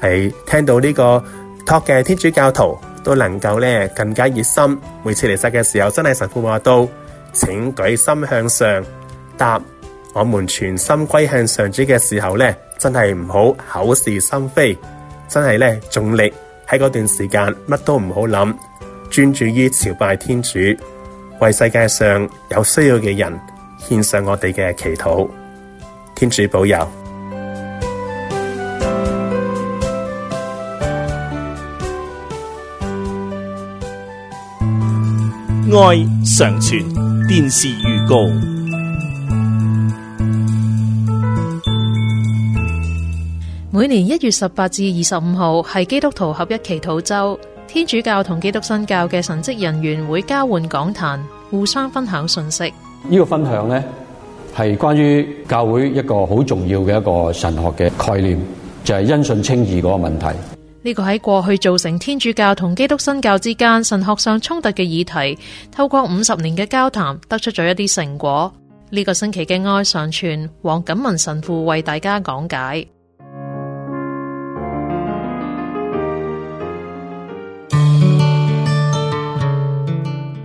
係聽到呢個托嘅天主教徒都能夠呢更加熱心，每次嚟世嘅時候，真係神父話到，請舉心向上，答：我們全心歸向上主嘅時候呢，真係唔好口是心非，真係呢盡力喺嗰段時間乜都唔好諗，專注於朝拜天主。為世界上有需要嘅人獻上我哋嘅祈禱，天主保佑。愛常傳。電視預告：每年一月十八至二十五號係基督徒合一祈禱周。天主教同基督新教嘅神職人員會交換講壇，互相分享信息。呢個分享呢，係關於教會一個好重要嘅一個神學嘅概念，就係、是、因信稱義嗰個問題。呢個喺過去造成天主教同基督新教之間神學上衝突嘅議題，透過五十年嘅交談，得出咗一啲成果。呢、這個星期嘅愛上傳，黃錦文神父為大家講解。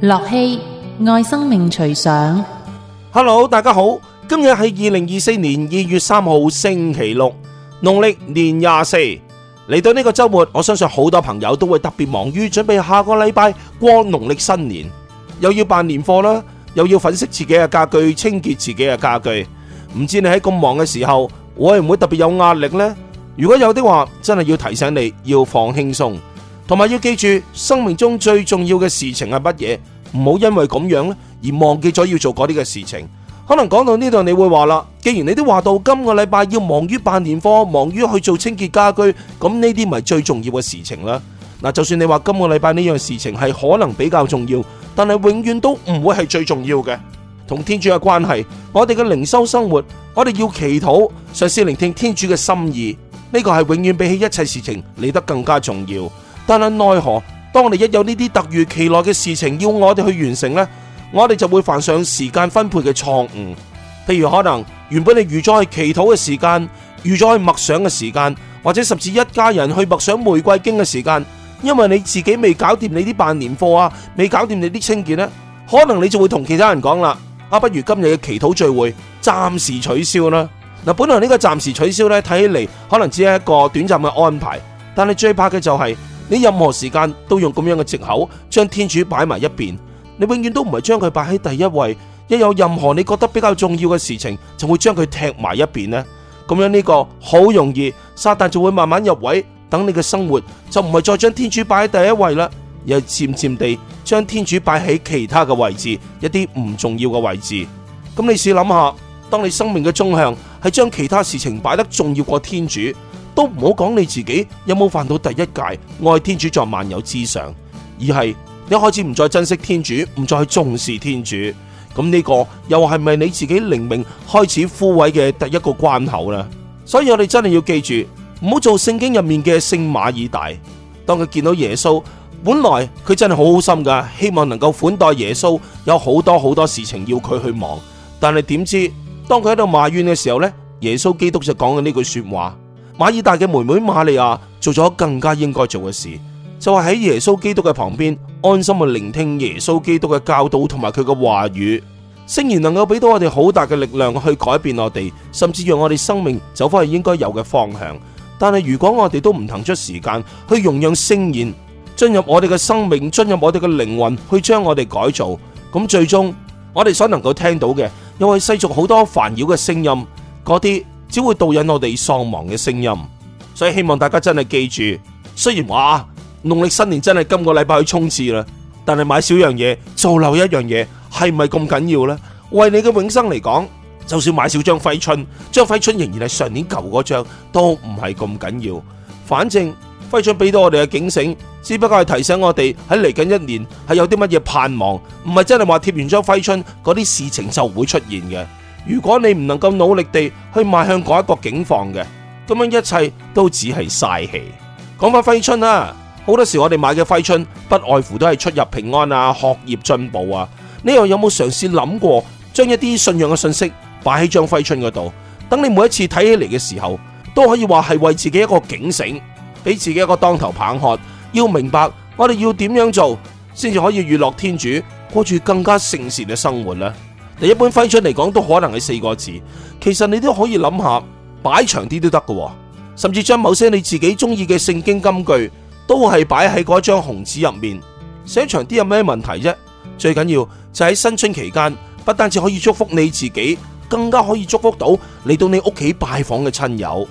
樂器愛生命隨想，Hello，大家好，今日係二零二四年二月三號星期六，農曆年廿四。嚟到呢個周末，我相信好多朋友都會特別忙於準備下個禮拜過農曆新年，又要辦年貨啦，又要粉飾自己嘅家具，清潔自己嘅家具。唔知你喺咁忙嘅時候，會唔會特別有壓力呢？如果有啲話，真係要提醒你，要放輕鬆。同埋要記住，生命中最重要嘅事情係乜嘢？唔好因為咁樣咧而忘記咗要做嗰啲嘅事情。可能講到呢度，你會話啦，既然你都話到今個禮拜要忙於辦年貨，忙於去做清潔家居，咁呢啲咪最重要嘅事情啦？嗱，就算你話今個禮拜呢樣事情係可能比較重要，但係永遠都唔會係最重要嘅。同天主嘅關係，我哋嘅靈修生活，我哋要祈禱，嘗試聆聽天主嘅心意，呢個係永遠比起一切事情嚟得更加重要。但係奈何，當你一有呢啲突如其來嘅事情要我哋去完成呢，我哋就會犯上時間分配嘅錯誤。譬如可能原本你預咗去祈禱嘅時間，預咗去默想嘅時間，或者甚至一家人去默想玫瑰經嘅時間，因為你自己未搞掂你啲辦年貨啊，未搞掂你啲清潔呢，可能你就會同其他人講啦，啊不如今日嘅祈禱聚會暫時取消啦。嗱，本來呢個暫時取消呢，睇起嚟可能只係一個短暫嘅安排，但係最怕嘅就係、是。你任何時間都用咁樣嘅借口將天主擺埋一邊，你永遠都唔係將佢擺喺第一位。一有任何你覺得比較重要嘅事情，就會將佢踢埋一邊呢。咁樣呢個好容易，撒旦就會慢慢入位，等你嘅生活就唔係再將天主擺喺第一位啦，又漸漸地將天主擺喺其他嘅位置，一啲唔重要嘅位置。咁你試諗下，當你生命嘅終向係將其他事情擺得重要過天主。都唔好講你自己有冇犯到第一戒，愛天主在萬有之上，而係你開始唔再珍惜天主，唔再去重視天主，咁呢個又係咪你自己靈命開始枯萎嘅第一個關口呢？所以我哋真係要記住，唔好做聖經入面嘅聖馬爾大，當佢見到耶穌，本來佢真係好好心噶希望能夠款待耶穌，有好多好多事情要佢去忙，但係點知，當佢喺度埋怨嘅時候呢，耶穌基督就講緊呢句說話。馬爾大嘅妹妹瑪利亞做咗更加應該做嘅事，就係喺耶穌基督嘅旁邊安心去聆聽耶穌基督嘅教導同埋佢嘅話語。聖言能夠俾到我哋好大嘅力量去改變我哋，甚至讓我哋生命走翻去應該有嘅方向。但係如果我哋都唔騰出時間去容讓聖言進入我哋嘅生命，進入我哋嘅靈魂，去將我哋改造，咁最終我哋所能夠聽到嘅又係世俗好多煩擾嘅聲音，嗰啲，只會導引我哋喪亡嘅聲音，所以希望大家真係記住。雖然話農曆新年真係今個禮拜去衝刺啦，但係買少樣嘢做漏一樣嘢係唔係咁緊要呢？為你嘅永生嚟講，就算買少張揮春，張揮春仍然係上年舊嗰張，都唔係咁緊要。反正揮春俾到我哋嘅警醒，只不過係提醒我哋喺嚟緊一年係有啲乜嘢盼望，唔係真係話貼完張揮春嗰啲事情就會出現嘅。如果你唔能夠努力地去邁向嗰一個境況嘅，咁樣一切都只係嘥氣。講翻揮春啦，啊，好多時我哋買嘅揮春不外乎都係出入平安啊、學業進步啊。你又有冇嘗試諗過，將一啲信仰嘅信息擺喺張揮春嗰度，等你每一次睇起嚟嘅時候，都可以話係為自己一個警醒，俾自己一個當頭棒喝，要明白我哋要點樣做，先至可以悅樂天主，過住更加聖善嘅生活呢。嗱，一般揮春嚟講都可能係四個字，其實你都可以諗下擺長啲都得嘅，甚至將某些你自己中意嘅聖經金句都係擺喺嗰一張紅紙入面，寫長啲有咩問題啫？最緊要就喺、是、新春期間，不單止可以祝福你自己，更加可以祝福到嚟到你屋企拜訪嘅親友，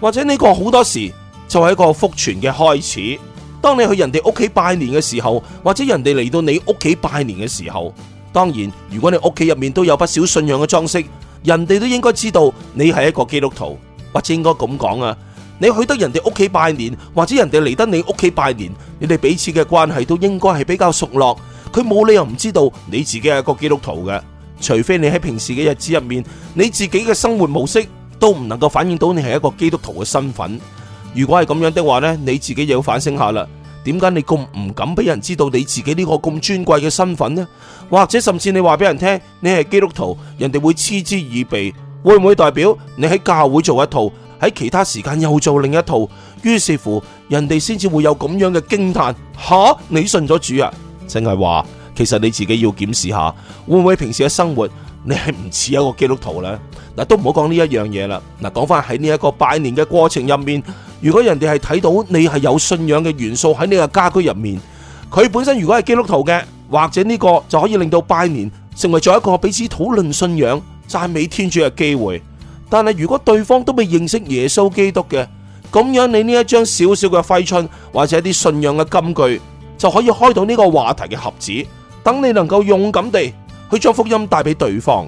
或者呢個好多時就係一個福傳嘅開始。當你去人哋屋企拜年嘅時候，或者人哋嚟到你屋企拜年嘅時候。當然，如果你屋企入面都有不少信仰嘅裝飾，人哋都應該知道你係一個基督徒，或者應該咁講啊。你去得人哋屋企拜年，或者人哋嚟得你屋企拜年，你哋彼此嘅關係都應該係比較熟絡。佢冇理由唔知道你自己係一個基督徒嘅，除非你喺平時嘅日子入面，你自己嘅生活模式都唔能夠反映到你係一個基督徒嘅身份。如果係咁樣的話呢，你自己又要反省下啦。點解你咁唔敢俾人知道你自己呢個咁尊貴嘅身份呢？或者甚至你話俾人聽你係基督徒，人哋會嗤之以鼻。會唔會代表你喺教會做一套，喺其他時間又做另一套？於是乎，人哋先至會有咁樣嘅驚嘆：吓、啊，你信咗主啊？淨係話，其實你自己要檢視下，會唔會平時嘅生活？你係唔似一個基督徒咧？嗱，都唔好講呢一樣嘢啦。嗱，講翻喺呢一個拜年嘅過程入面，如果人哋係睇到你係有信仰嘅元素喺你個家居入面，佢本身如果係基督徒嘅，或者呢個就可以令到拜年成為咗一個彼此討論信仰、讚美天主嘅機會。但係如果對方都未認識耶穌基督嘅，咁樣你呢一張小小嘅揮春或者啲信仰嘅金句，就可以開到呢個話題嘅盒子，等你能夠勇敢地。佢將福音帶俾對方，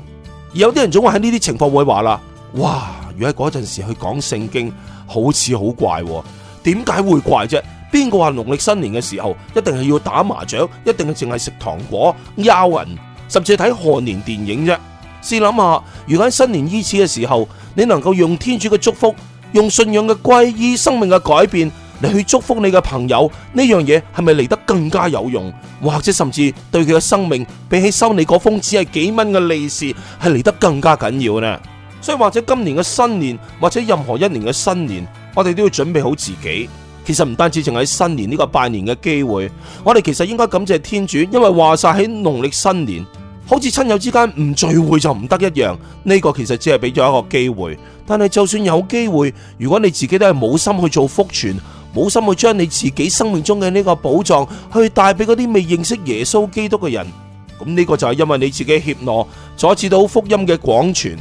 而有啲人總會喺呢啲情況會話啦。哇！如果喺嗰陣時去講聖經，好似好怪喎，點解會怪啫？邊個話農曆新年嘅時候一定係要打麻雀，一定係淨係食糖果、撩人，甚至係睇賀年電影啫？試諗下，如果喺新年伊始嘅時候，你能夠用天主嘅祝福，用信仰嘅皈依，生命嘅改變。你去祝福你嘅朋友呢樣嘢係咪嚟得更加有用，或者甚至對佢嘅生命比起收你嗰封只係幾蚊嘅利是，係嚟得更加緊要呢？所以或者今年嘅新年，或者任何一年嘅新年，我哋都要準備好自己。其實唔單止淨喺新年呢個拜年嘅機會，我哋其實應該感謝天主，因為話晒喺農曆新年，好似親友之間唔聚會就唔得一樣。呢個其實只係俾咗一個機會，但係就算有機會，如果你自己都係冇心去做福傳。冇心會將你自己生命中嘅呢個寶藏去帶俾嗰啲未認識耶穌基督嘅人，咁呢個就係因為你自己怯懦阻止到福音嘅廣傳。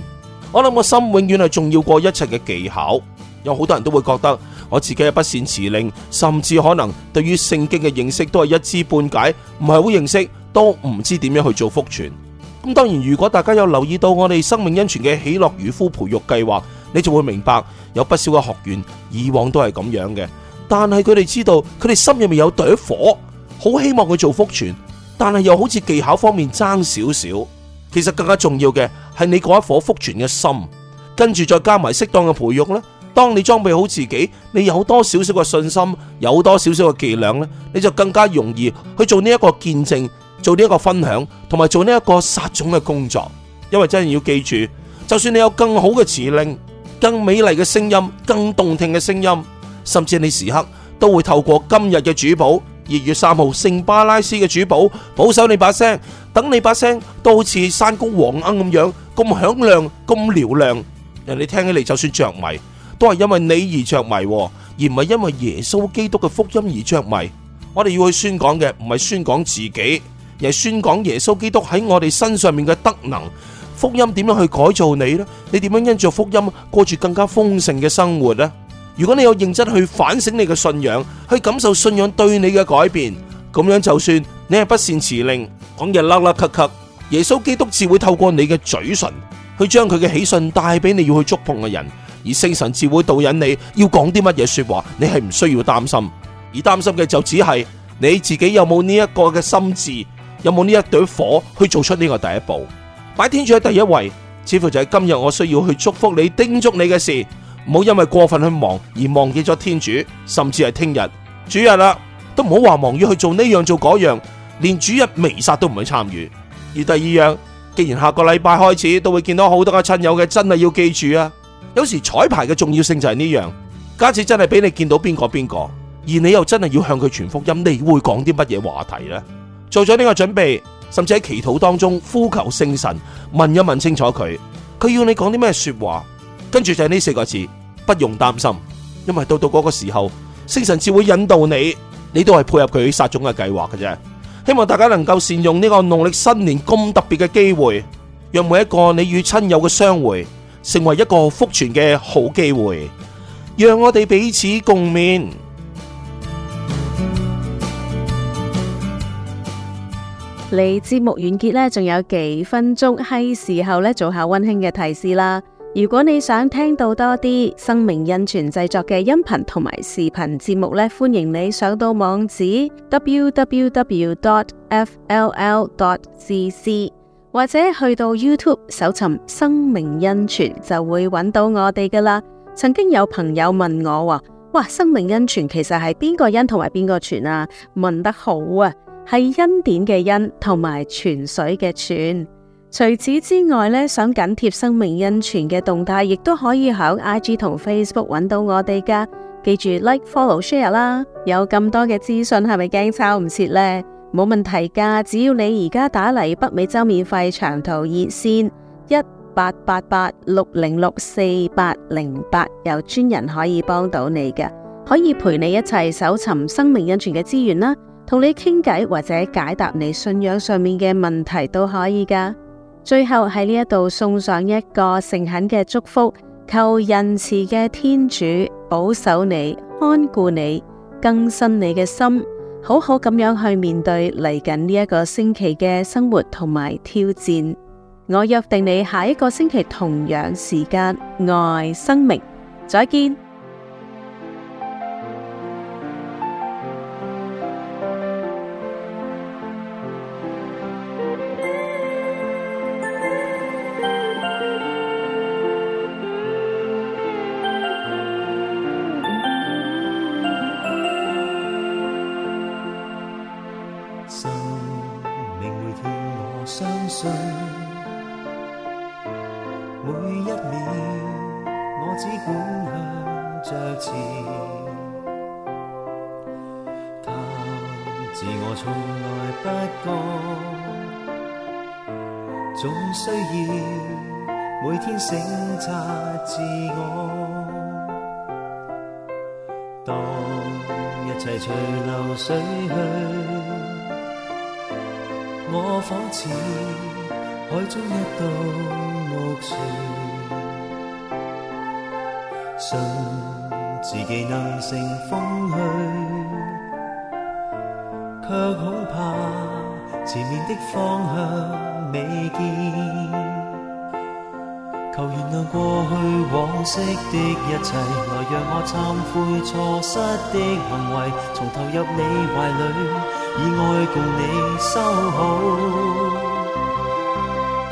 我諗我心永遠係重要過一切嘅技巧。有好多人都會覺得我自己係不善辭令，甚至可能對於聖經嘅認識都係一知半解，唔係好認識都唔知點樣去做福傳。咁當然，如果大家有留意到我哋生命恩泉嘅喜樂漁夫培育計劃，你就會明白有不少嘅學員以往都係咁樣嘅。但係佢哋知道，佢哋心入面有朵火，好希望佢做福傳，但係又好似技巧方面爭少少。其實更加重要嘅係你嗰一顆福傳嘅心，跟住再加埋適當嘅培育咧。當你裝備好自己，你有多少少嘅信心，有多少少嘅伎倆咧，你就更加容易去做呢一個見證，做呢一個分享，同埋做呢一個撒種嘅工作。因為真係要記住，就算你有更好嘅詞令，更美麗嘅聲音，更動聽嘅聲音。甚至你時刻都會透過今日嘅主保，二月三號聖巴拉斯嘅主保，保守你把聲，等你把聲都好似山谷黃鶯咁樣咁響亮、咁嘹亮，人哋聽起嚟就算着迷，都係因為你而着迷，而唔係因為耶穌基督嘅福音而着迷。我哋要去宣講嘅唔係宣講自己，而係宣講耶穌基督喺我哋身上面嘅德能，福音點樣去改造你呢？你點樣因着福音過住更加豐盛嘅生活呢？如果你有認真去反省你嘅信仰，去感受信仰對你嘅改變，咁樣就算你係不善辭令，講嘢甩甩咳咳，耶穌基督自會透過你嘅嘴唇去將佢嘅喜訊帶俾你要去觸碰嘅人，而聖神自會導引你要講啲乜嘢說話，你係唔需要擔心，而擔心嘅就只係你自己有冇呢一個嘅心智，有冇呢一堆火去做出呢個第一步，擺天主喺第一位，似乎就係今日我需要去祝福你、叮囑你嘅事。唔好因為過分去忙而忘記咗天主，甚至係聽日主日啦、啊，都唔好話忙於去做呢樣做嗰樣，連主日彌撒都唔去參與。而第二樣，既然下個禮拜開始都會見到好多嘅親友嘅，真係要記住啊！有時彩排嘅重要性就係呢樣，假使真係俾你見到邊個邊個，而你又真係要向佢傳福音，你會講啲乜嘢話題呢？做咗呢個準備，甚至喺祈禱當中呼求聖神，問一問清楚佢，佢要你講啲咩說話。跟住就係呢四個字，不用擔心，因為到到嗰個時候，聖神只會引導你，你都係配合佢撒種嘅計劃嘅啫。希望大家能夠善用呢個農曆新年咁特別嘅機會，讓每一個你與親友嘅相會成為一個福傳嘅好機會，讓我哋彼此共勉。離節目完結呢，仲有幾分鐘，係時候呢，做下温馨嘅提示啦。如果你想聽到多啲生命恩泉製作嘅音頻同埋視頻節目咧，歡迎你上到網址 w w w. dot f l l. dot c c，或者去到 YouTube 搜尋生命恩泉就會揾到我哋噶啦。曾經有朋友問我話：哇，生命恩泉其實係邊個恩同埋邊個泉啊？問得好啊，係恩典嘅恩同埋泉水嘅泉。除此之外咧，想緊貼生命恩泉嘅動態，亦都可以喺 I G 同 Facebook 揾到我哋噶。記住 like、follow、share 啦！有咁多嘅資訊，係咪驚抄唔切咧？冇問題噶，只要你而家打嚟北美洲免費長途熱線一八八八六零六四八零八，8，有專人可以幫到你嘅，可以陪你一齊搜尋生命恩泉嘅資源啦，同你傾偈或者解答你信仰上面嘅問題都可以噶。最後喺呢一度送上一個誠懇嘅祝福，求仁慈嘅天主保守你、看顧你、更新你嘅心，好好咁樣去面對嚟緊呢一個星期嘅生活同埋挑戰。我約定你下一個星期同樣時間愛生命，再見。每一秒，我只管向着前。貪自我從來不覺，總需要每天醒察自我。當一切隨流水去，我彷似海中一度。信自己能乘風去，卻恐怕前面的方向未見。求原諒過去往昔的一切，來讓我懺悔錯失的行為，重投入你懷裏，以愛共你修好。